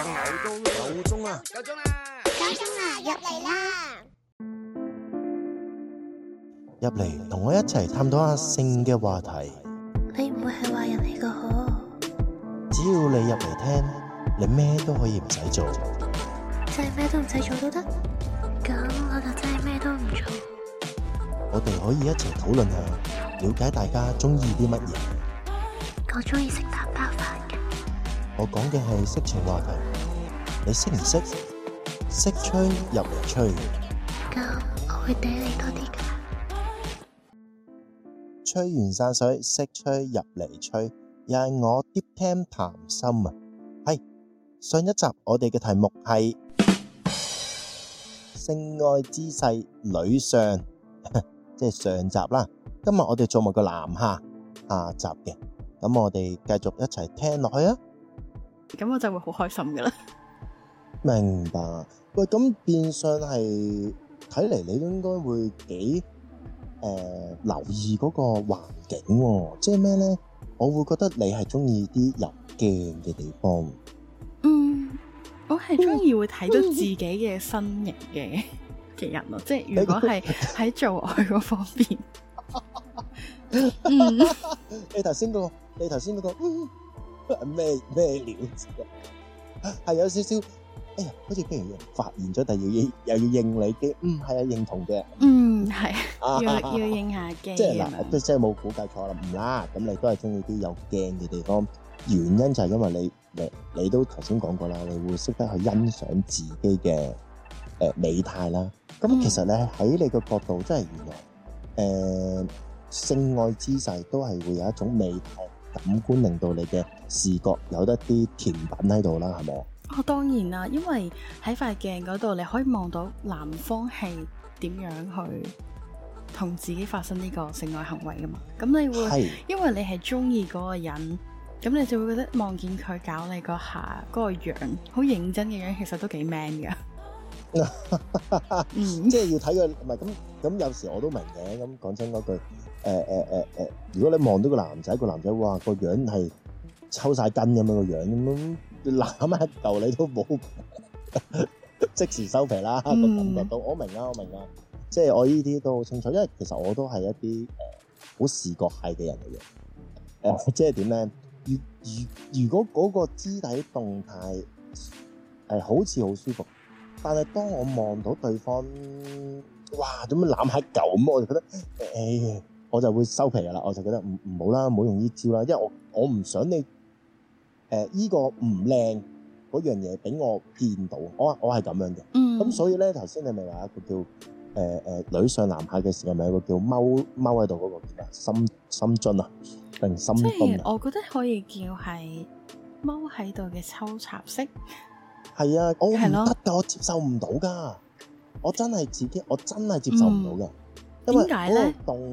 九鐘啊！九鐘啊入嚟啦！入嚟同我一齊探討阿性嘅話題。你唔會係話人嚟、這個好？只要你入嚟聽，你咩都可以唔使做。即係咩都唔使做都得？咁我就真係咩都唔做。我哋可以一齊討論下，了解大家中意啲乜嘢。嗯、我中意食蛋包飯嘅。我講嘅係色情話題。你識唔識？色吹入嚟吹！夠，我會頂你多啲噶。吹完山水，色吹入嚟吹，又係我 DeepTam 談深啊。係上一集我哋嘅題目係 性愛姿勢女上， 即係上集啦。今日我哋做埋個男下下集嘅，咁我哋繼續一齊聽落去啊。咁我就會好開心噶啦。明白。喂，咁變相係睇嚟，你應該會幾誒、呃、留意嗰個環境、哦。即係咩咧？我會覺得你係中意啲入鏡嘅地方。嗯，我係中意會睇到自己嘅身形嘅嘅、嗯、人咯。即係如果係喺做愛嗰方面， 嗯、 你頭先嗰個，你頭先嗰個，嗯，咩咩料？係 有少少。好似竟然又發現咗第二樣嘢，又要又要認你嘅，嗯，係啊，認同嘅，嗯，係，要要應下鏡，即係嗱，都真係冇估計錯啦，唔啦，咁你都係中意啲有鏡嘅地方，原因就係因為你你你都頭先講過啦，你會識得去欣賞自己嘅誒美態啦，咁其實咧喺你個角度，真係原來誒性愛姿勢都係會有一種美態感官令到你嘅視覺有一啲甜品喺度啦，係咪？我、哦、當然啦，因為喺塊鏡嗰度你可以望到男方係點樣去同自己發生呢個性愛行為噶嘛，咁你會，是因為你係中意嗰個人，咁你就會覺得望見佢搞你個下，嗰、嗰個樣好認真嘅樣，其實都幾 man 噶，即係要睇、個唔係咁咁有時我都明嘅，咁講真嗰句，誒誒誒誒，如果你望到個男仔個男仔，哇個樣係抽晒筋咁樣個樣咁。攬下嚿你都冇 即時收皮啦，個、嗯、感覺我明啦，我明啦，即係我呢啲都好清楚，因為其實我都係一啲誒、呃、好視覺係嘅人嚟嘅，誒、呃哦、即係點咧？如如如，如果嗰個肢體動態係、呃、好似好舒服，但係當我望到對方哇，點樣攬下嚿咁，我就覺得誒、欸，我就會收皮噶啦，我就覺得唔唔好啦，唔好用呢招啦，因為我我唔想你。誒依、呃、這個唔靚嗰樣嘢俾我見到，我我係咁樣嘅。嗯，咁所以咧頭先，你咪話一個叫誒誒、呃呃、女上男下嘅時候，咪一個叫踎踎喺度嗰個叫咩啊？深深樽啊，定深樽啊？即係我覺得可以叫係踎喺度嘅抽插式。係啊，我唔得噶，是咯 我接受唔到噶，我真係自己，我真係接受唔到嘅。點解咧？因為 動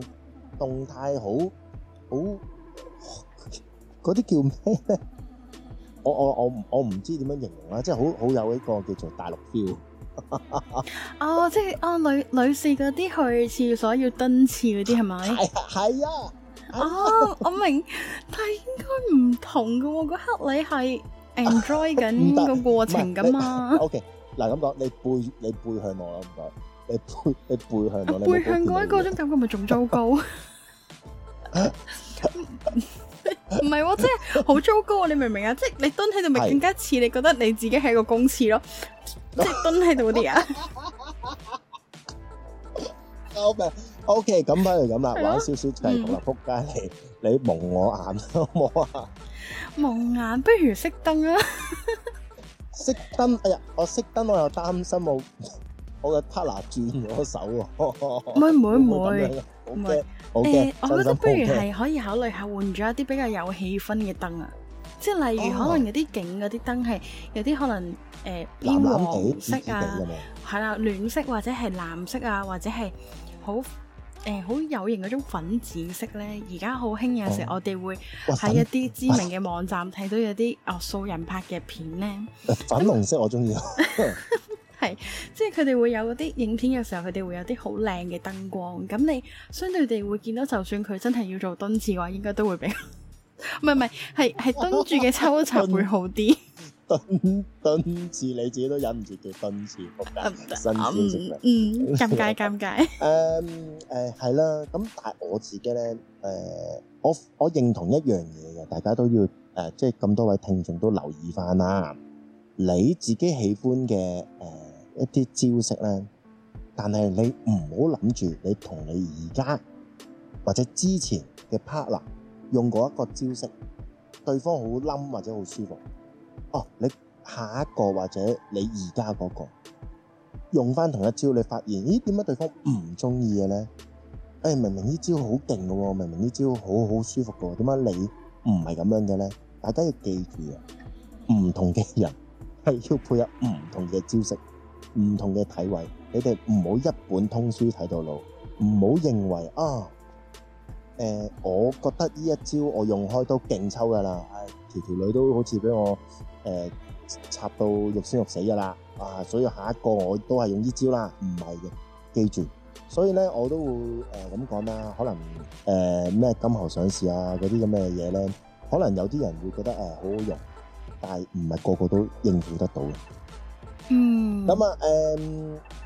動態好好嗰啲 叫咩咧？ 我我我唔我唔知點樣形容啦，啊，即係好好有一個叫做大陸 feel。哦，即係， 哎、啊，女女士嗰啲去廁所要蹲廁嗰啲係咪？係係啊。哦， 我明，但係應該唔同噶喎，嗰刻你係 enjoy 緊個過程噶嘛？OK，嗱咁講，你背你背向我啦，唔該。你背你背向我，你背，你背向我嗰，嗰個種感覺咪仲糟糕？ 唔係喎，即係好糟糕啊！小小嗯、你明唔明啊？即係你蹲喺度，咪更加似你覺得你自己係一個公廁咯，即係蹲喺度嗰啲人。救命！OK，咁不如咁啊，玩少少計局啦，撲街，你你蒙我眼好唔好啊？蒙眼不如熄燈啊！熄燈，哎呀，我熄燈我又擔心我我嘅 partner 轉咗手喎。唔係唔係唔係。是誒，我覺得不如係可以考慮下換咗一啲比較有氣氛嘅燈啊，即係例如可能有啲景嗰啲燈係有啲可能誒，暖暖色啊，係啦，暖色或者係藍色啊，或者係好誒好有型嗰種粉紫色咧。而家好興，有時我哋會喺一啲知名嘅網站睇到有啲哦素人拍嘅片咧，粉紅色我中意。係，即係佢哋會有嗰啲影片嘅時候，佢哋會有啲好靚嘅燈光。咁你相對地會見到，就算佢真係要做蹲字嘅話，應該都會比較，唔係唔係，係係蹲住嘅抽查會好啲。蹲蹲字，你自己都忍唔住叫蹲字，得唔得？新鮮，唔，嗯，尷尬尷尬。誒誒，係啦。咁但係我自己咧，誒，我我認同一樣嘢嘅，大家都要誒，即係咁多位聽眾都留意翻啦。你自己喜歡嘅誒。一啲招式咧，但係你唔好諗住你同你而家或者之前嘅 partner 用過一個招式，對方好冧或者好舒服，哦，你下一個或者你而家嗰個用翻同一招，你發現咦，點解對方唔中意嘅咧？誒、哎，明明呢招好勁嘅喎，明明呢招好好舒服嘅喎，點解你唔係咁樣嘅咧？大家要記住啊，唔同嘅人係要配合唔同嘅招式。唔同嘅體位，你哋唔好一本通書睇到老，唔好認為啊，誒、呃，我覺得呢一招我用開都勁抽噶啦，哎，條條女都好似俾我誒、呃、插到肉酸肉死噶啦，啊，所以下一個我都係用呢招啦，唔係嘅，記住，所以咧我都會誒咁講啦，可能誒咩、呃、金猴上市啊嗰啲咁嘅嘢咧，可能有啲人會覺得誒、呃、好好用，但係唔係個個都應付得到嘅。嗯，咁啊，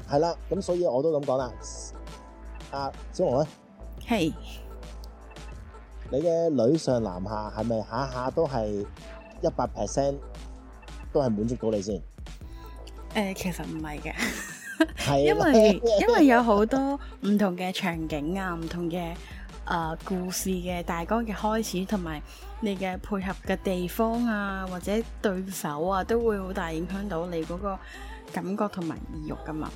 誒，係啦，咁所以我都咁講啦，阿小龍呢，係，你嘅女上男下係咪下下都係一百 percent，都係滿足到你先？誒，其實唔係嘅，係，因為因為有好多唔同嘅場景啊，唔同嘅。誒，uh，故事嘅大綱嘅開始，同埋你嘅配合嘅地方啊，或者對手啊，都會好大影響到你嗰個感覺同埋意欲噶嘛。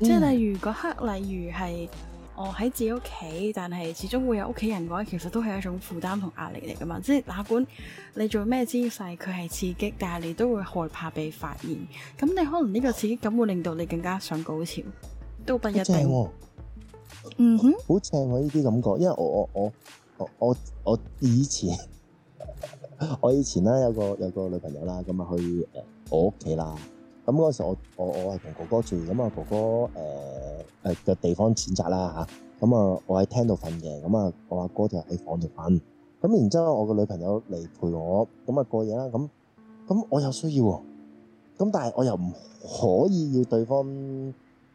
嗯、即係例如嗰刻，例如係我喺自己屋企，但係始終會有屋企人嘅話，其實都係一種負擔同壓力嚟噶嘛。即係哪管你做咩姿勢，佢係刺激，但係你都會害怕被發現。咁你可能呢個刺激感會令到你更加上高潮，都不一定。嗯哼，好正我呢啲感覺，因為我我我我我我以前 我以前咧有個有個女朋友啦，咁啊去誒我屋企啦，咁嗰時我我我係同哥哥住，咁啊哥哥誒誒嘅地方淺窄啦嚇，咁啊我喺廳度瞓嘅，咁啊我阿哥，哥就喺房度瞓，咁然之後我個女朋友嚟陪我，咁啊過夜啦，咁咁我有需要喎，咁但係我又唔可以要對方。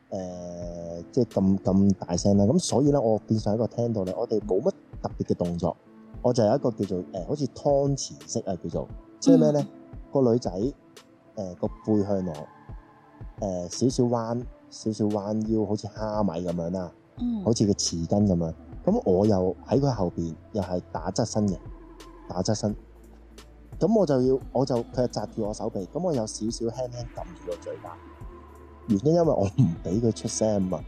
誒、呃，即係咁咁大聲啦，咁所以咧，我變相一個聽到咧，我哋冇乜特別嘅動作，我就有一個叫做誒、呃，好似湯匙式啊，叫做即係咩咧？嗯、個女仔誒、呃、個背向我，誒、呃、少少彎，少少彎腰，好似蝦米咁樣啦，好似個匙羹咁樣，咁、嗯、我又喺佢後邊，又係打側身嘅，打側身，咁我就要，我就佢就扎住我手臂，咁我有少少輕輕撳住個嘴巴。原因因為我唔俾佢出聲啊嘛，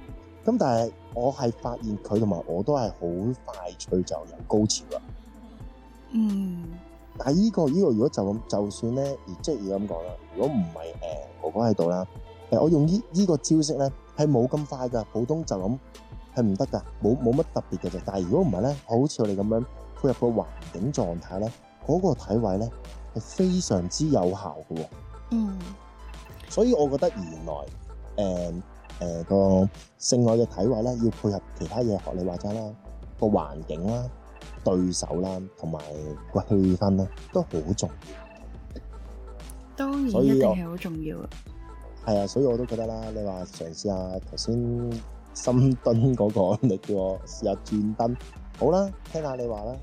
咁但係我係發現佢同埋我都係好快趣就入高潮啦。嗯，喺呢、這個呢、這個如果就咁，就算咧，即係而咁講啦，如果唔係誒哥哥喺度啦，誒、呃、我用呢依、這個招式咧係冇咁快噶，普通就咁係唔得噶，冇冇乜特別嘅啫。但係如果唔係咧，好似我哋咁樣配合個環境狀態咧，嗰、那個體位咧係非常之有效嘅。嗯，所以我覺得原來。誒誒，個性愛嘅體位咧，要配合其他嘢學，你話齋啦，個環境啦、對手啦，同埋個氣氛咧，都好重要。當然一定係好重要啦。係啊，所以我都覺得啦，你話嘗試下頭先深蹲嗰個，你叫我試下轉蹲，好啦，聽下你話啦。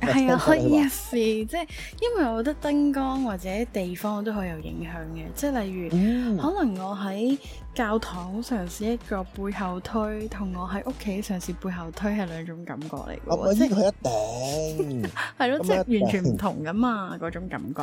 係啊，可以啊，即係，因為我覺得燈光或者地方都好有影響嘅，即係例如，可能我喺教堂嘗試一個背後推，同我喺屋企嘗試背後推係兩種感覺嚟嘅，即係呢個一定係咯，即係 對 完全唔同噶嘛，嗰種感覺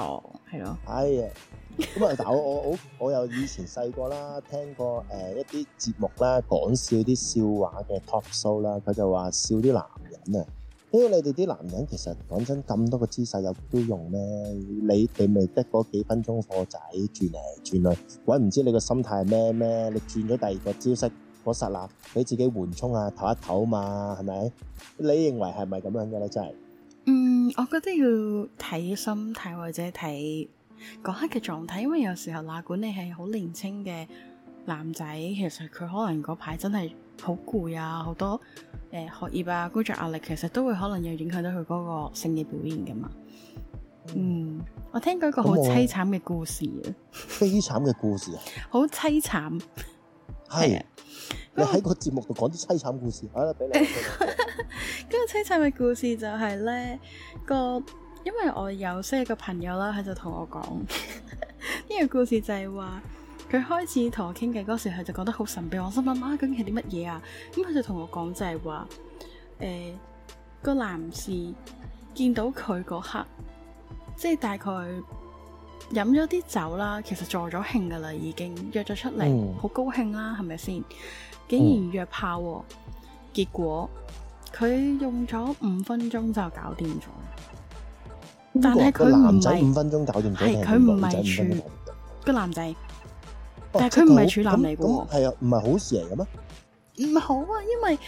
係咯，哎啊，咁啊， 但我我我又以前細個啦，聽過誒一啲節目啦，講笑啲笑話嘅 top 數啦，佢就話笑啲男人啊。哎，你哋啲男人其實講真咁多個姿勢有都用咩？你哋未得嗰幾分鐘貨仔轉嚟轉去，鬼唔知你個心態咩咩？你轉咗第二個招式，嗰實力俾自己緩衝啊，唞一唞啊嘛，係咪？你認為係咪咁樣嘅咧？真係嗯，我覺得要睇心態或者睇嗰刻嘅狀態，因為有時候啦、啊、管你係好年青嘅男仔，其實佢可能嗰排真係好攰啊，好多。嗯誒，學業啊，工作壓力其實都會可能有影響到佢嗰個性嘅表現㗎嘛。嗯，我聽過一個好淒慘嘅故事，悲慘嘅故事啊，好淒慘。係是， 是你喺個節目度講啲淒慘故事，好啦，俾你。咁個淒慘嘅故事就係咧個，因為我有識一個朋友啦，佢就同我講呢 個故事就係話。佢開始同我傾偈嗰時，佢就覺得好神秘，我心諗啊，究竟係啲乜嘢啊？咁佢就同我講就係、是、話，誒、欸、個男士見到佢嗰刻，即係大概飲咗啲酒啦，其實助咗興噶啦，已經約咗出嚟，好、嗯、高興啦，係咪先？竟然約炮，嗯、結果佢用咗五分鐘就搞掂咗。嗯、但係佢、嗯嗯嗯、男仔五分鐘搞掂咗，係佢唔係全個男仔。但係佢唔係處男嚟嘅喎，係啊、哦，唔係好事嚟嘅咩？唔好啊，因為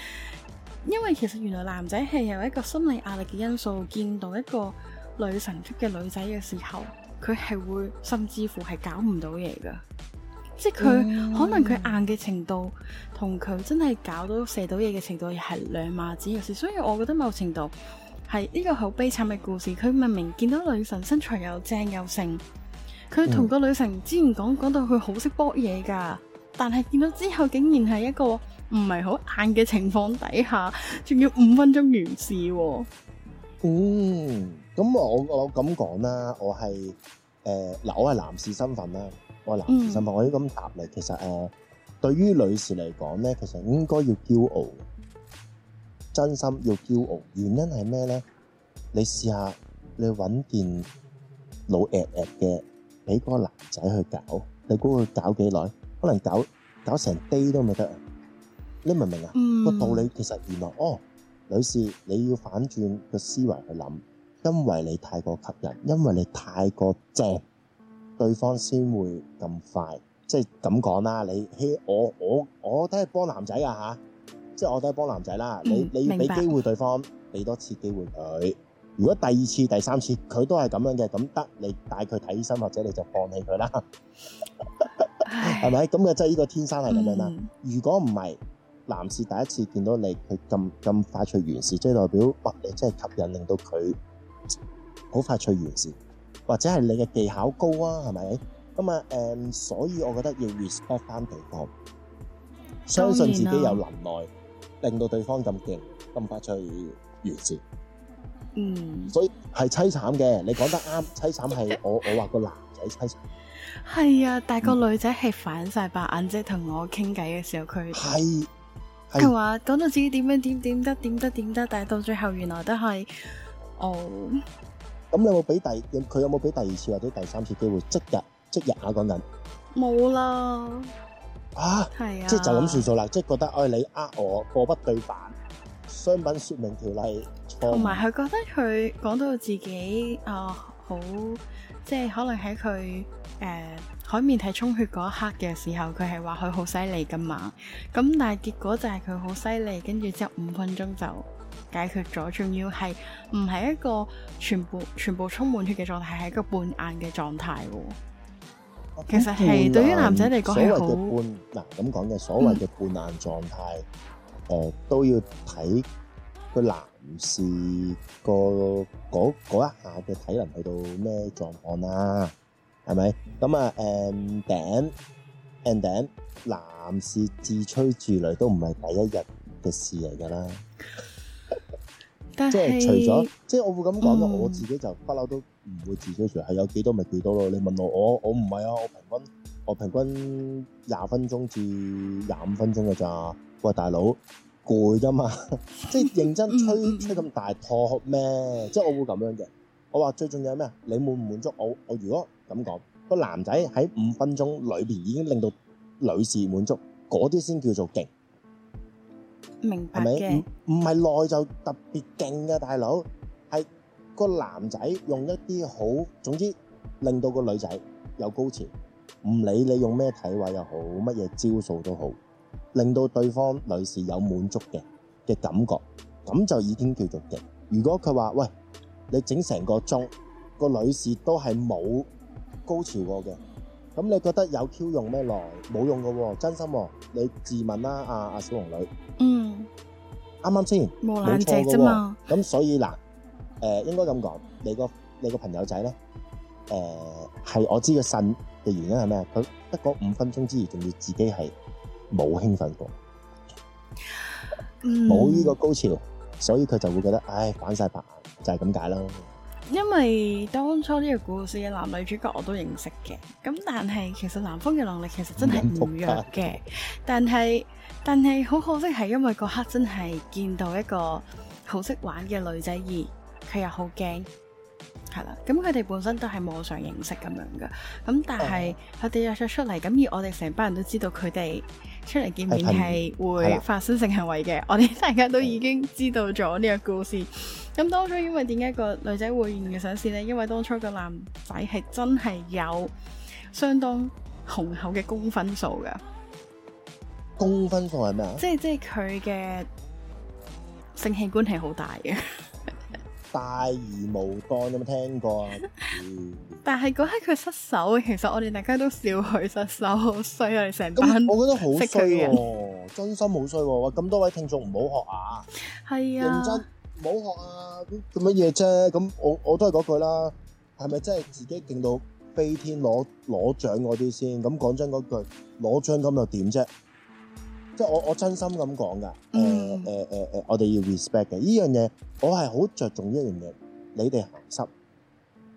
因為其實原來男仔係有一個心理壓力嘅因素，見到一個女神級嘅女仔嘅時候，佢係會甚至乎係搞唔到嘢噶，即係佢、嗯、可能佢硬嘅程度同佢真係搞到射到嘢嘅程度係兩碼子事，所以我覺得某程度係呢個好悲慘嘅故事，佢明明見到女神身材又正又盛。佢同個女神之前講講到佢好識搏嘢噶，但係見到之後竟然係一個唔係好硬嘅情況底下，仲要五分鐘完事，哦。嗯，咁我我咁講啦，我係誒嗱，我係、呃、男士身份啦，我係男士身份，嗯，我要咁答你，其實誒、呃，對於女士嚟講咧，其實應該要驕傲，真心要驕傲。原因係咩咧？你試下你揾件老 at 嘅。俾個男仔去搞，你估佢搞幾耐？可能搞搞成 day 都未得啊！你明唔明啊？個、嗯、道理其實原來哦，女士你要反轉個思維去諗，因為你太過吸引，因為你太過正，對方先會咁快。即係咁講啦，你希、hey, 我我我都係幫男仔啊。吓？即係我都係幫男仔啦、嗯。你你要俾機會對方，俾多次機會佢。如果第二次、第三次佢都係咁樣嘅，咁得你帶佢睇醫生，或者你就放棄佢啦，係咪？咁嘅即係呢個天生係咁樣啦。如果唔係，男士第一次見到你，佢咁咁快脆完事，即係代表哇，你真係吸引，令到佢好快脆完事，或者係你嘅技巧高啊，係咪？咁啊，誒，所以我覺得要 respect 翻對方，相信自己有能耐令到對方咁勁咁快脆完事。嗯，所以係淒慘嘅。你講得啱，淒慘係我我話個男仔淒慘，係 啊，但係個女仔係反晒白眼即同、嗯、我傾偈嘅時候，佢係佢話講到自己點樣點點得點得點得，但係到最後原來都係哦。咁你有冇俾第佢有冇俾第二次或者第三次機會？即日即日啊嗰人！講緊冇啦，啊，啊，即係就咁算做啦，即係覺得哎你呃我，貨不對辦。商品説明條例，同埋佢覺得佢講到自己啊、哦，好即係可能喺佢誒海綿體充血嗰一刻嘅時候，佢係話佢好犀利㗎嘛。咁但係結果就係佢好犀利，跟住之後五分鐘就解決咗，仲要係唔係一個全部全部充滿血嘅狀態，係一個半硬嘅狀態。哦、其實係眼對於男仔嚟講係好半嗱咁講嘅所謂嘅半硬狀態。呃誒、呃，都要睇個男士個嗰一下嘅體能去到咩狀況啦，係咪？咁啊，And then, And then, 男士自吹自擂都唔係第一日嘅事嚟噶啦。即係除咗，即係我會咁講咯。嗯、我自己就不嬲都唔會自吹自擂，係有幾多咪幾多咯。你問我，我我唔係啊，我平均我平均廿分鐘至廿五分鐘噶咋。喂，大佬攰噶嘛？ 即係認真吹吹咁大托咩？即係我會咁樣嘅。我話最重要係咩？你滿唔滿足我？我如果咁講，個男仔喺五分鐘裏邊已經令到女士滿足，嗰啲先叫做勁。明白嘅，係咪？唔，唔係耐就特別勁嘅，大佬，係個男仔用一啲好，總之令到個女仔有高潮，唔理你用咩體位又好，乜嘢招數都好。令到對方女士有滿足嘅嘅感覺，咁就已經叫做極。如果佢話喂，你整成個鐘個女士都係冇高潮過嘅，咁你覺得有 Q 用咩嚟？冇用噶，真心你自問啦，阿阿小龍女，嗯，啱啱先冇錯㗎嘛。咁所以嗱，誒，應該咁講，你個你個朋友仔咧，誒，係我知佢腎嘅原因係咩？佢得嗰五分鐘之餘，仲要自己係。冇興奮過，冇 呢個高潮，所以佢就會覺得，唉，反晒白眼就係咁解咯。因為當初呢個故事嘅男女主角我都認識嘅，咁但係其實男方嘅能力其實真係唔弱嘅， 但係但係好可惜係因為嗰刻真係見到一個好識玩嘅女仔而佢又好驚，係啦，咁佢哋本身都係網上認識咁樣噶，咁但係佢哋約咗出嚟，咁、嗯、而我哋成班人都知道佢哋。出嚟見面係會發生性行為嘅，對我哋大家都已經知道咗呢個故事。咁當初因為點解個女仔會唔想試呢？因為當初個男仔係真係有相當雄厚嘅公分數嘅。公分數係咩？即係即係佢嘅性器官係好大嘅。 大而無當有冇聽過啊？嗯、 但係嗰刻佢失手，其實我哋大家都笑佢失手，好衰啊！成日班、嗯、我覺得好衰、哦， 真心好衰喎！咁多位聽眾唔好學啊，係啊，認真唔好學啊。咁做乜嘢啫？咁我我都係嗰句啦，係咪真係自己勁到飛天攞攞獎嗰啲先？咁講真嗰句，攞獎咁又點啫？即我我真心咁講噶，誒誒誒誒，我哋要 respect 嘅呢樣嘢，我係好着重一樣嘢，你哋鹹濕，誒、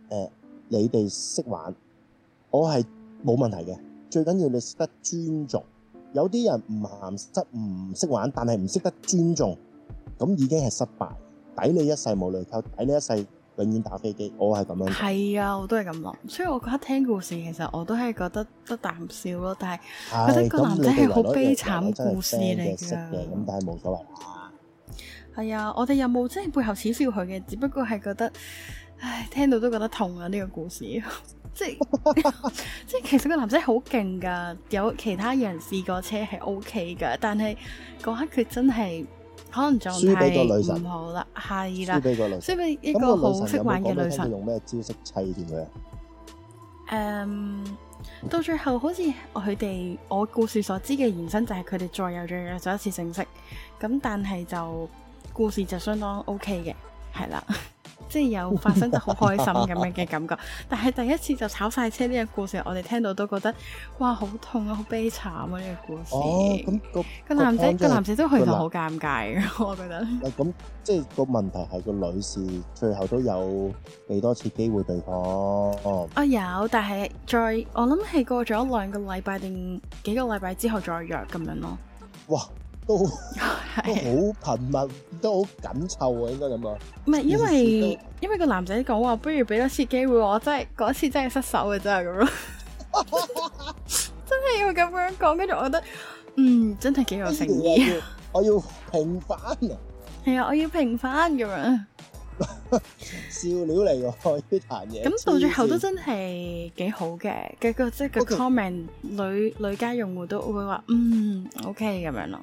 呃，你哋識玩，我係冇問題嘅。最緊要你識得尊重，有啲人唔鹹濕唔識玩，但係唔識得尊重，咁已經係失敗，抵你一世無聊溝，抵你一世。永遠打飛機，我係咁樣。係啊，我都係咁諗，所以我覺得聽故事其實我都係覺得得啖笑咯，但係覺得個男仔係好悲慘故事嚟噶。咁但係冇所謂啊。係啊，我哋又冇即係背後恥笑佢嘅？只不過係覺得，唉，聽到都覺得痛啊！呢個故事，即係即係其實個男仔好勁噶，有其他人試過車係 OK 噶，但係嗰刻佢真係。可能就輸俾個女神，唔好啦，係啦，所以一個好識玩嘅女神。用咩招式砌掂佢啊？誒，um, 到最後好似佢哋，我故事所知嘅延伸就係佢哋再有再又再一次正式。咁但係就故事就相當 O K 嘅，係啦。即係有發生就好開心咁樣嘅感覺， 但係第一次就炒晒車呢個故事，我哋聽到都覺得哇好痛啊，好悲慘啊呢，這個故事。哦，咁、嗯，那個個男仔個、就是、個男仔都去到好尷尬嘅，我覺得。咁、嗯、即係個問題係個女士最後都有俾多次機會對方。哦。啊、哦、有，但係再我諗係過咗兩個禮拜定幾個禮拜之後再約咁樣咯。哇！ 都好，都好頻密，都好緊湊啊！應該咁啊，唔係因為因為個男仔講話，不如俾多次機會我真，真係嗰次真係失手嘅 真係咁咯，真係要咁樣講，跟住我覺得，嗯，真係幾有誠意，我要平反啊，係啊，我要平反咁樣，笑料嚟喎，呢啲嘢，咁到最後都真係幾好嘅，嘅個即係個 comment 女女家用戶都會話，嗯，OK 咁樣咯。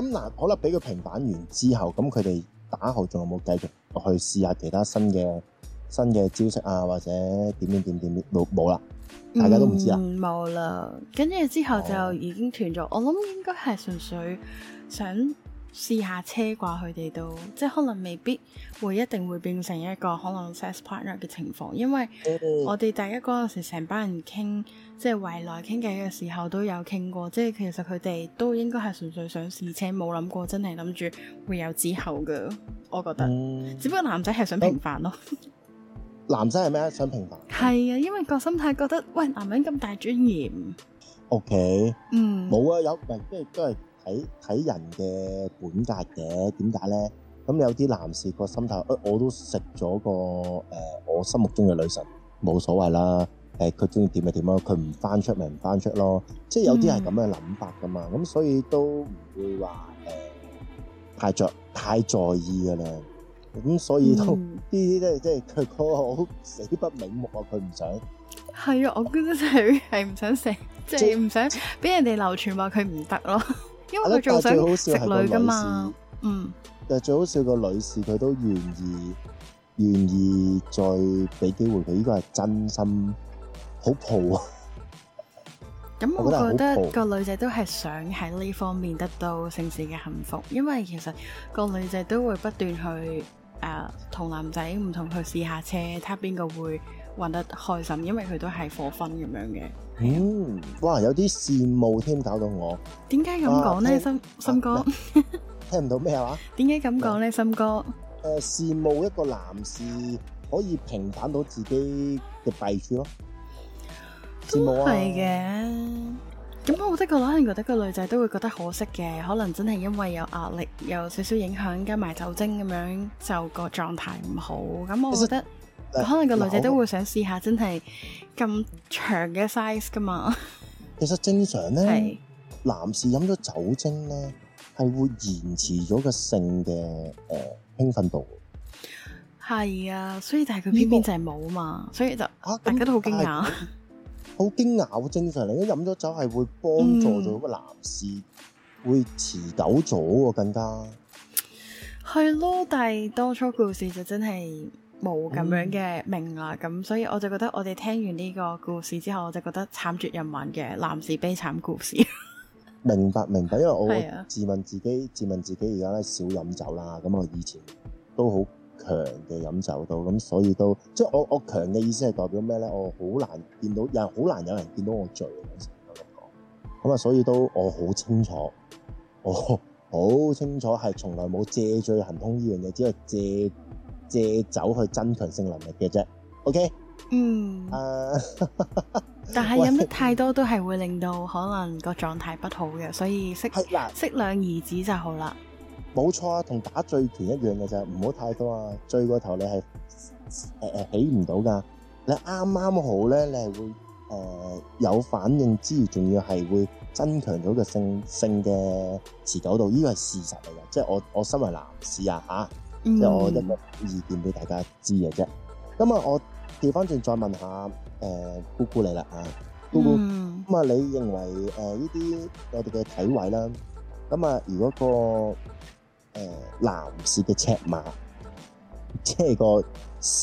咁嗱，可能俾佢平反完之後，咁佢哋打後仲有冇繼續落去試下其他新嘅新嘅招式啊，或者點點點點冇冇啦？大家都唔知啊。冇啦，跟住之後就已經斷咗。我諗應該係純粹想試下車啩，佢哋都即係可能未必會一定會變成一個可能 size partner 嘅情況，因為我哋第一嗰陣時成班人傾。即係未來傾偈嘅時候都有傾過，即係其實佢哋都應該係純粹想，事，且冇諗過真係諗住會有之後噶。我覺得，嗯、只不過男仔係想平凡咯、嗯。 男仔係咩想平凡？係啊，因為個心態覺得，喂，男人咁大尊嚴。OK，嗯，冇啊，有，唔係即係都係睇睇人嘅本格嘅。點解咧？咁有啲男士個心態，我都食咗個誒、呃呃，我心目中嘅女神，冇所謂啦。誒，佢中意點咪點咯，佢唔翻出咪唔翻出咯，即係有啲係咁嘅諗法噶嘛，咁、嗯、所以都唔會話誒、呃、太着太在意噶啦，咁所以都呢啲都係即係佢嗰個好死不瞑目啊，佢唔想係啊，我覺得佢係唔想成，即係唔想俾人哋流傳話佢唔得咯，因為佢仲想食女噶嘛，嗯，但係最好笑個女士佢、嗯、都願意願意再俾機會佢，呢個係真心。好抱啊！咁、 嗯、 我覺得個女仔都係想喺呢方面得到性事嘅幸福，因為其實個女仔都會不斷去誒同、呃、男仔唔同去試下車，睇下邊個會玩得開心，因為佢都係火分咁樣嘅。嗯，哇，有啲羨慕添，搞到我。點解咁講呢？深深哥？啊、聽唔到咩話、啊？點解咁講呢？深、嗯、哥？誒、呃，羨慕一個男士可以平反到自己嘅弊處咯。都係嘅，咁我覺得個可能覺得個女仔都會覺得可惜嘅，可能真係因為有壓力，有少少影響加埋酒精咁樣，就個狀態唔好。咁我覺得，呃、可能個女仔都會想試下，真係咁長嘅 size 噶嘛。其實正常咧，是男士飲咗酒精咧，係會延遲咗個性嘅誒、呃、興奮度。係啊，所以但係佢偏偏就係冇嘛，這個、所以就、啊啊、大家都好驚訝。好驚訝。正常嚟講，飲咗酒係會幫助到個男士、嗯、會持久咗喎，更加係咯。但係當初故事就真係冇咁樣嘅命啦！咁、嗯、所以我就覺得我哋聽完呢個故事之後，我就覺得慘絕人寰嘅男士悲慘故事。 明白明白，因為我自問自己的自問自己而家咧少飲酒啦，咁我以前都好。強嘅飲酒都咁，所以都即係我我強嘅意思係代表咩咧？我好難見到，有係好難有人見到我醉嘅時候咁啊！所以都我好清楚，我好清楚係從來冇借醉行通醫院嘅，只係借借酒去增強性能力嘅啫。OK，嗯，uh, 但係飲得太多都係會令到可能個狀態不好嘅，所以適啦適量而止就好啦。冇錯啊，同打醉拳一樣嘅啫，唔好太多啊！醉過頭你係誒誒起唔到㗎，你啱啱好咧，你係會誒、欸、有反應之餘，仲要係會增強咗個性性嘅持久度，呢個係事實嚟嘅。即係我我身為男士啊嚇，啊嗯、即係我有冇意見俾大家知嘅啫。咁、嗯、啊，我調翻轉再問下誒、欸、姑姑你啦啊，姑姑咁啊、嗯嗯，你認為誒呢啲我哋嘅體位啦，咁、嗯、啊如果個？誒、呃，男士嘅尺碼，即係個誒、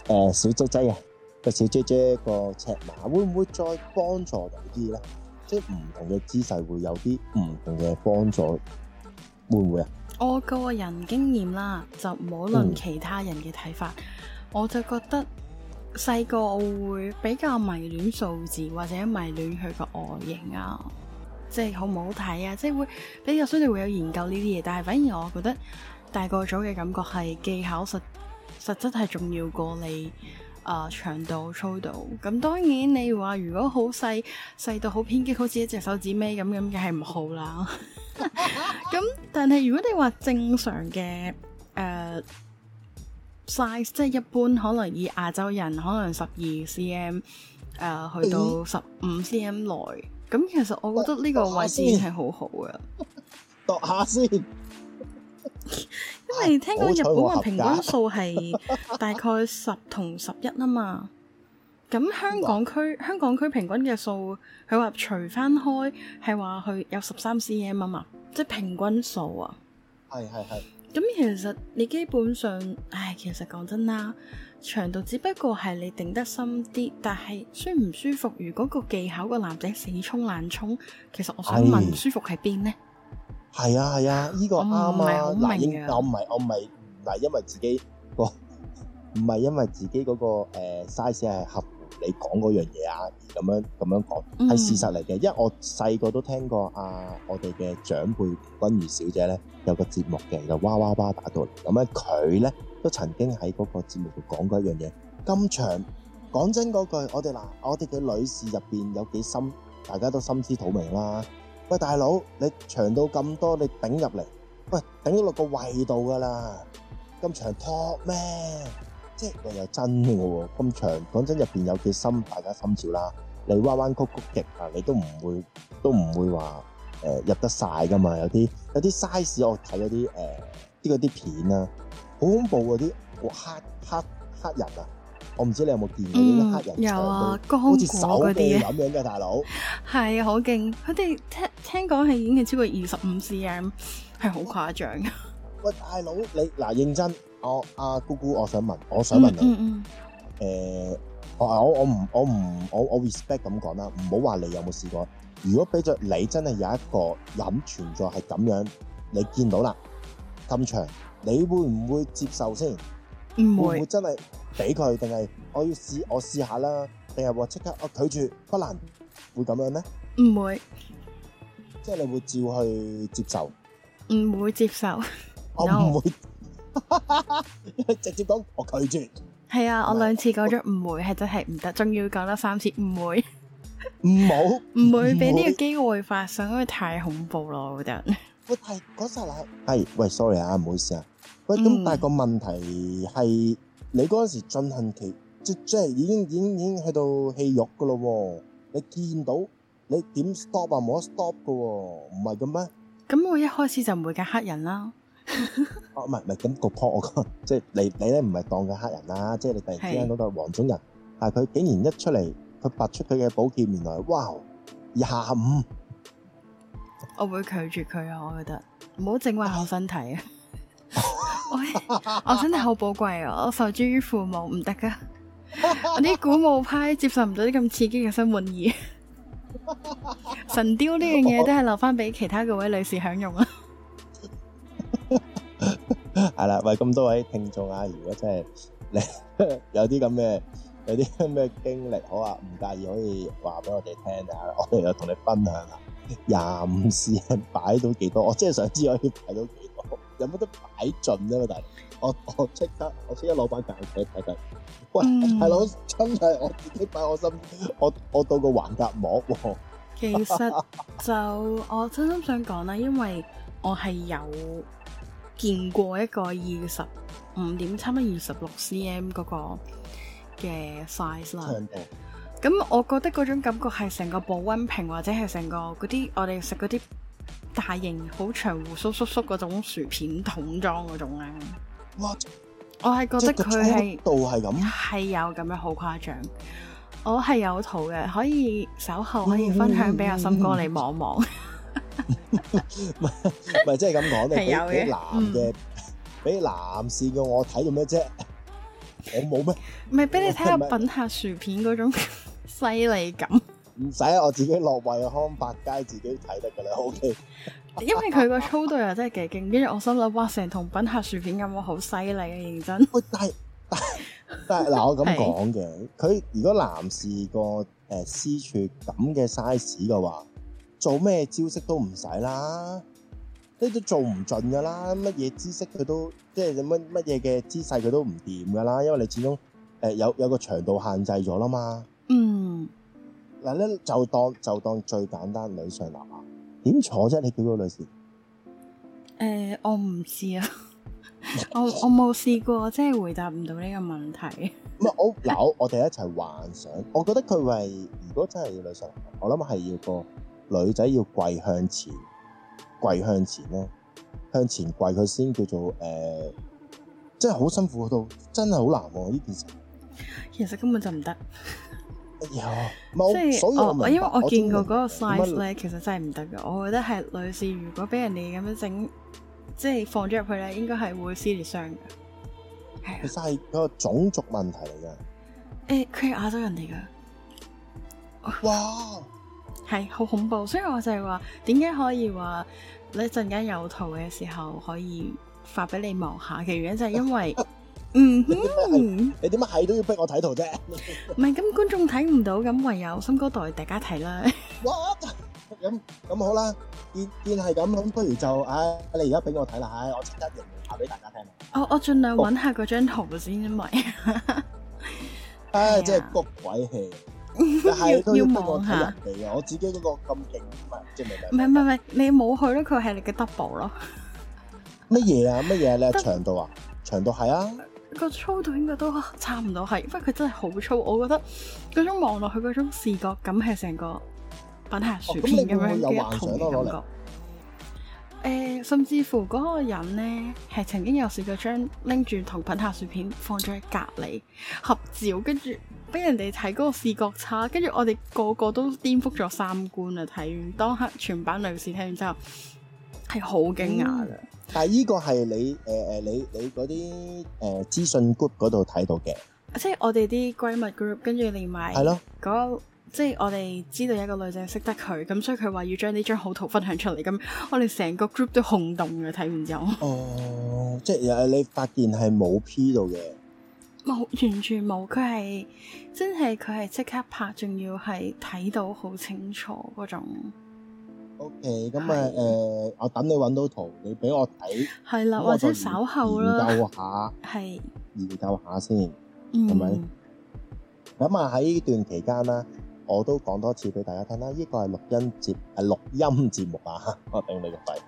呃、小 j 仔啊，個小姐姐個尺碼，會唔會再幫助到啲咧？即係唔同嘅姿勢會有啲唔同嘅幫助，會唔會啊？我個人經驗啦，就唔好論其他人嘅睇法，嗯、我就覺得細個我會比較迷戀數字或者迷戀佢個外形啊。即係好唔好睇啊！即係會比較需要你會有研究呢啲嘢，但係反而我覺得大個咗嘅感覺係技巧實實質係重要過你誒、呃、長度粗度。咁當然你話如果好細細到好偏激，好似一隻手指尾咁咁嘅係唔好啦。咁 但係如果你話正常嘅誒、呃、size，即係一般可能以亞洲人可能十二 cm 誒、呃、去到十五 cm 內。咁其實我覺得呢個位置係好好嘅，度下先。 因為聽講日本話平均數係大概十同十一啊嘛，咁香港區 香港區平均嘅數，佢話除翻開係話佢有十三 CM 啊嘛，即係平均數啊。係係係。咁其實你基本上，唉，其實講真啦。長度只不過係你定得深啲，但係舒唔舒服？如果個技巧、個男仔死衝爛衝，其實我想問，舒服喺邊呢？係啊係啊，呢個啱啊！嗱、這個呃，我唔係我唔係嗱，因為自己個唔係因為自己嗰個誒 size 係合乎你講嗰樣嘢啊，而咁樣咁樣講係事實嚟嘅。嗯、因為我細個都聽過啊，我哋嘅長輩温如小姐咧有個節目嘅，就哇哇哇打到嚟，咁咧佢咧。都曾經喺嗰個節目度講過一樣嘢，咁長講真嗰句，我哋嗱我哋嘅女士入邊有幾深，大家都心知肚明啦。喂，大佬，你長到咁多，你頂入嚟，喂，頂到落個胃度噶啦，咁長 top 咩？即係又真嘅喎、啊，咁長講真入邊有幾深，大家心照啦。你彎彎曲曲極啊，你都唔會都唔會話誒、呃、入得晒噶嘛？有啲有啲 size，我睇嗰啲誒啲啲片啊。好恐怖，嗰啲黑黑黑人啊！我唔知你有冇見過呢啲、嗯、黑人有啊？好似手臂咁樣嘅大佬哥，係好勁！佢哋聽聽講係已經係超過二十五 cm，係好誇張嘅。喂，大佬，你嗱認真，我阿、啊、姑姑我想問，我想問你，誒、嗯嗯嗯欸，我我我唔我唔我我，我，我 respect 咁講啦，唔好話你有冇試過。如果俾咗你真係有一個人存在係咁樣，你見到啦咁長。你會唔會接受先？唔會，真係俾佢定係我要試我試下啦，定係話即刻我拒絕，不能會咁樣咧？唔會，即係你會照去接受？唔會接受，我唔會，直接講我拒絕。係啊，我兩次講咗唔會，係真係唔得，仲要講多三次唔會，唔好，唔會俾呢個機會發生，因為太恐怖咯，我覺得，嗰陣。我係講錯啦，係喂，sorry 啊，唔好意思啊。喂，咁但係個問題係，你嗰陣時進行期，即即係已經已經已經去到戲肉噶咯，你見到你點 stop 啊，冇得 stop 噶，唔係咁咩？咁、嗯、我一開始就唔會揀黑人啦。 啊，唔係唔係，咁、那個 point 我講，即係你你咧唔係當佢黑人啦，即係你突然之間嗰個黃種人，是但係佢竟然一出嚟，佢拔出佢嘅寶劍，原來哇廿五，我會拒絕佢啊！我覺得，唔好整壞我身體啊！哎、我真係好寶貴啊！我受之於父母，唔得噶。 我啲古墓派接受唔到啲咁刺激嘅新玩意。 神雕呢樣嘢都係留翻俾其他嗰位女士享用啊！係啦， 喂，咁多位聽眾啊，如果真係你 有啲咁嘅有啲咩嘅經歷，好啊，唔介意可以話俾我哋聽啊，我哋又同你分享啊。廿五字擺到幾多？我真係想知可以擺到幾多。有冇得擺盡啫？嗰啲！我我即刻，我即刻攞板。架睇睇睇。喂，大佬、嗯，真係我自己擺我心，我我到個橫隔膜喎。哦、其實就 我真心想講啦，因為我係有見過一個二十五點差唔多二十六 cm 嗰個嘅 size 啦。咁我覺得嗰種感覺係成個保溫瓶，或者係成個嗰啲我哋食嗰啲。大型好長，胡鬚叔叔嗰種薯片桶裝嗰種咧，我我係覺得佢係度係咁，係有咁樣好誇張。我係有圖嘅，可以稍後可以分享俾阿森哥你望望。唔係即係咁講，嗯嗯嗯嗯、 有啲男嘅，俾男士嘅我睇到咩啫？我冇咩？唔係俾你睇下品客薯片嗰種犀 利感。唔使啊！我自己落惠康百佳自己睇得噶啦。O、OK? K， 因為佢個粗度又真係幾勁，跟住 我心諗哇，成桶品客薯片咁樣，好犀利啊！認真。喂、哎，但係但係嗱、 哎，我咁講嘅，佢如果男士個誒私處咁嘅 size 嘅話，做咩招式都唔使啦，呢啲做唔盡噶啦，乜嘢、就是、姿勢佢都即係乜乜嘢嘅姿勢佢都唔掂噶啦，因為你始終誒、呃、有有,有個長度限制咗啦嘛。嗯。 嗱咧，就當就當最簡單女上男下，點坐啫？你叫個女士，誒、呃，我唔知啊， 我我冇試過，真係回答唔到呢個問題。唔係我有，我哋一齊幻想。我覺得佢為如果真係要女上男下，我諗係要個女仔要跪向前，跪向前咧，向前跪佢先叫做誒、呃，即係好辛苦嗰度，真係好難喎呢件事。其實根本就唔得。 即係、就是哦，我，因為我見過嗰個 size 咧，其實真係唔得噶。麼我覺得係女士如果俾人哋咁樣整，即、就、係、是、放咗入去咧，應該係會撕裂傷噶。係、啊，但係嗰個種族問題嚟噶。誒、欸，佢係亞洲人嚟噶。哇，係好、哦、恐怖。所以我就係話，點解可以話？你一陣間有圖嘅時候，可以發俾你望下嘅原因就係、是、因為。啊啊嗯哼，你點解係都要逼我睇圖啫？唔係咁觀眾睇唔到，咁唯有深哥代大家睇啦。What？咁咁好啦，現現係咁，咁不如就唉，你而家俾我睇啦，我即刻一齊拍俾大家聽。我我盡量揾下嗰張圖先，因為。唉，真係谷鬼氣，但係都要逼我睇人哋啊！我自己嗰個咁勁啊，即係咪？唔係唔係唔係，你冇去咯，佢係你嘅 double 咯。乜嘢啊？乜嘢？你係長度啊？長度係啊？個粗度應該都差唔多，係，不過佢真係好粗，我覺得嗰種望落去嗰種視覺感係成個品客薯片咁樣嘅童嘅感覺。誒、呃，甚至乎嗰個人呢，係曾經有試過將拎住同品客薯片放咗喺隔籬合照，跟住俾人哋睇嗰個視覺差，跟住我哋個個都顛覆咗三觀啊！睇完當刻全班女士聽完之後，係好驚訝嘅，但係依個係你誒誒、呃，你你嗰啲誒資訊 group 嗰度睇到嘅，即係我哋啲閨蜜 group，跟住連埋係咯，即係我哋知道有一個女仔識得佢，咁所以佢話要將呢張好圖分享出嚟，咁我哋成個 group 都轟動嘅，睇完之後，哦，即係你發現係冇 P 到嘅，冇，完全冇，佢係真係佢係即刻拍，仲要係睇到好清楚嗰種。O K，咁啊，誒、okay, 的呃，我等你揾到圖，你俾我睇，係啦的，或者稍後啦，研究下，係的研究下先，係咪的？咁啊，喺段期間啦，我都講多次俾大家聽啦。呢個係錄音節，誒、啊，錄音節目啊， 我頂你個肺。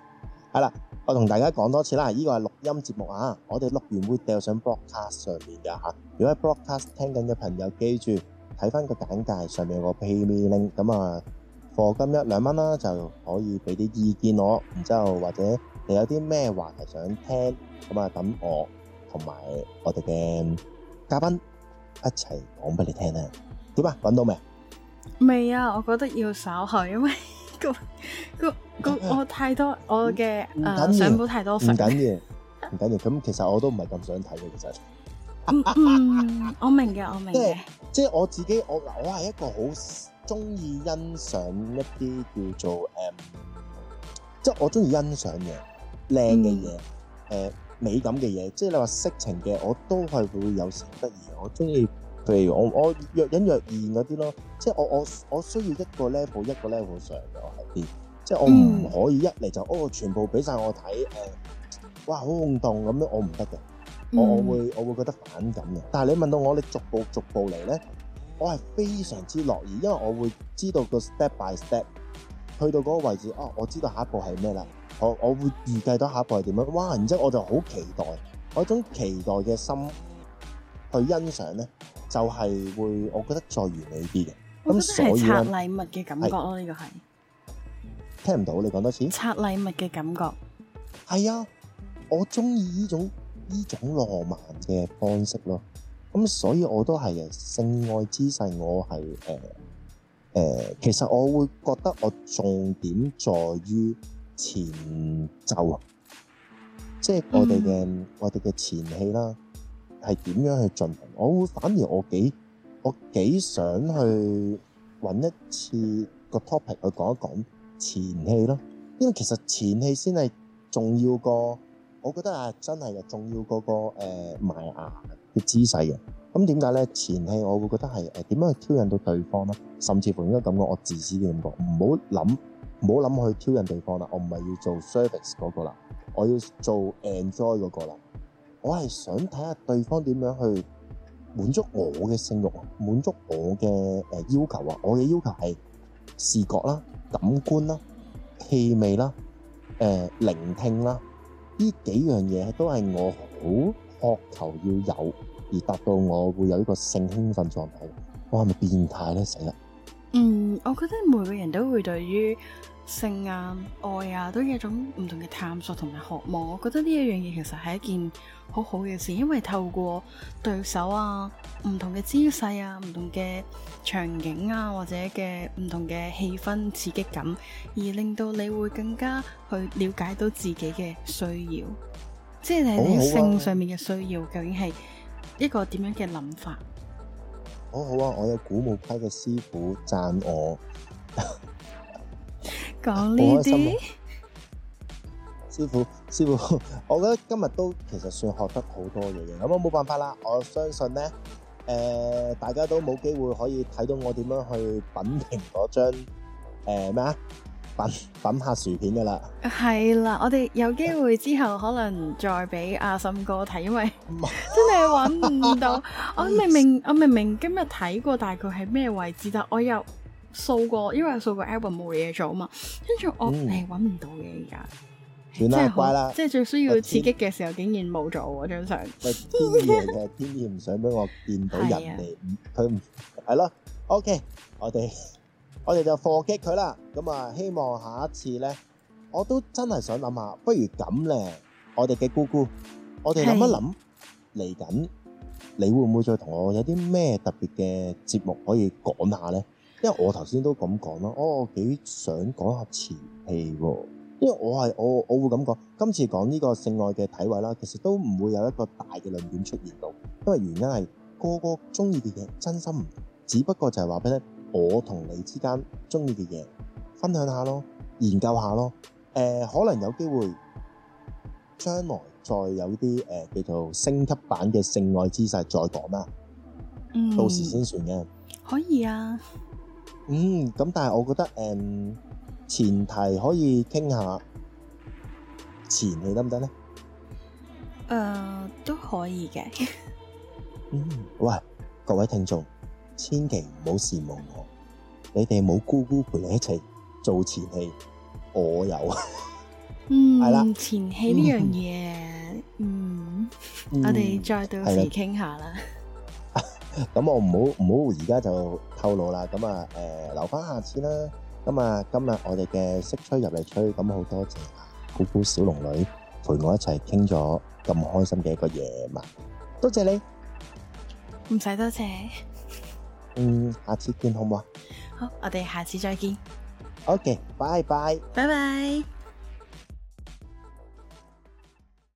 係啦，我同大家講多次啦，呢個係錄音節目啊，我哋錄完會掉上 broadcast 上面噶吓。如果喺 broadcast 聽緊嘅朋友，記住睇翻個簡介上面有個 Pay Me link，咁啊。課金一兩蚊啦，就可以俾啲意見我，然之後或者你有啲咩話題想聽，咁啊等我同埋我哋嘅嘉賓一齊講俾你聽啦。點啊？揾到未啊？未啊，我覺得要稍許，因為個個個我太多我嘅誒，想冇太多份，唔緊要，唔緊要。咁其實我都唔係咁想睇嘅，其實。嗯，我明嘅，我明嘅。即係我自己，我我係一個好。中意欣賞一啲叫做誒、um, 嗯呃，即係我中意欣賞嘅靚嘅嘢，誒美感嘅嘢，即係你話色情嘅我都係會有時得意。我中意，譬如、嗯、我我若隱若現嗰啲咯，即係我我我需要一個 level 一個 level 上嘅啲，即係我唔可以一嚟就、嗯、哦全部俾晒我睇誒、呃，哇好空洞咁樣，我唔得嘅，嗯、我會我會覺得反感嘅。但係你問到我，你逐步逐步嚟咧。我係非常之樂意，因為我會知道個 step by step 去到嗰個位置，哦，我知道下一步係咩啦，我我會預計到下一步係點樣，哇！然之後我就好期待，嗰種期待嘅心去欣賞咧，就係、是、會，我覺得再完美啲嘅。咁真那所以拆禮物嘅感覺咯，呢個係聽唔到你講多次，拆禮物嘅感覺？係啊，我中意呢種呢種浪漫嘅方式咯。咁、嗯、所以我都係嘅，性愛姿勢。我係誒誒，其實我會覺得我重點在於前奏，啊、就是，即係、嗯、我哋嘅我哋嘅前戲啦，係點樣去進行？我會反而我幾我幾想去揾一次個 topic 去講一講前戲咯，因為其實前戲先係重要過我覺得啊真係嘅重要過、那個誒埋牙。呃嘅姿勢嘅，咁點解咧？前戲我會覺得係誒點樣去挑引到對方啦，甚至乎應該咁講，我自私啲咁講，唔好諗，唔好諗去挑引對方啦，我唔係要做 service 嗰個啦，我要做 enjoy 嗰個啦，我係想睇下對方點樣去滿足我嘅性慾啊，滿足我嘅誒、呃、要求啊，我嘅要求係視覺啦、感官啦、氣味啦、誒、呃、聆聽啦，呢幾樣嘢都係我好渴求要有，而達到我會有一個性興奮狀態，我係咪變態呢？死啦！嗯，我覺得每個人都會對於性啊、愛啊，都有一種唔同嘅探索同埋渴望。我覺得呢一樣嘢其實係一件好好嘅事，因為透過對手啊、唔同嘅姿勢啊、唔同嘅場景啊或者嘅唔同嘅氣氛刺激感，而令到你會更加去了解到自己嘅需要。即係你性上面嘅需要，究竟係一個點樣嘅諗法？好好啊！我有古墓派嘅師傅讚我，講呢啲。師傅，師傅，我覺得今日都其實算學得好多嘢嘅。咁我冇辦法啦。我相信咧，誒、呃，大家都冇機會可以睇到我點樣去品評嗰張誒咩啊？呃品 下薯片噶啦，係啦，我哋有機會之後可能再俾阿森哥睇，因為真係揾唔到 我明明。我明明我明明今日睇過，大概佢係咩位置？但我又掃過，因為掃過 Alvin 冇嘢做啊嘛。跟住我誒，揾、欸、唔到嘅而家。啦、嗯，即係了最需要刺激嘅時候，竟然冇咗我張相天。我想天意嘅， 天意唔想俾我見到人哋，佢唔係咯。OK，我哋。我哋就火擊佢啦，咁啊，希望下一次咧，我都真係想諗下，不如咁咧，我哋嘅姑姑，我哋諗一諗嚟緊，你會唔會再同我有啲咩特別嘅節目可以講下咧？因為我頭先都咁講啦，哦，我幾想講下前戲，因為我係我我會咁講，今次講呢個性愛嘅體位啦，其實都唔會有一個大嘅論點出現到，因為原因係個個中意嘅嘢，真心唔同，只不過就係話俾你。我同你之間中意嘅嘢，分享下咯，研究下咯，誒，可能有機會將來再有啲誒叫做升級版嘅性愛姿勢再講啦，嗯，到時先算嘅，可以啊，嗯，咁但係我覺得誒，前提可以傾下前，你得唔得咧？誒，都可以嘅，嗯，喂，各位聽眾。千祈唔好羨慕我，你哋冇姑姑陪你一齊做前戲，我有， 嗯，係啦 了。前戲呢樣嘢，嗯，嗯我哋再到時傾下啦。咁、 啊、我唔好唔好而家就透露啦。咁啊，誒、呃，留翻下次啦。咁啊，今日我哋嘅色吹入嚟吹，咁好多謝、啊、姑姑小龍女陪我一齊傾咗咁開心嘅一個夜晚。多謝你，唔使多謝。嗯，下次見好唔好啊？好，我哋下次再見。OK，拜拜，拜拜。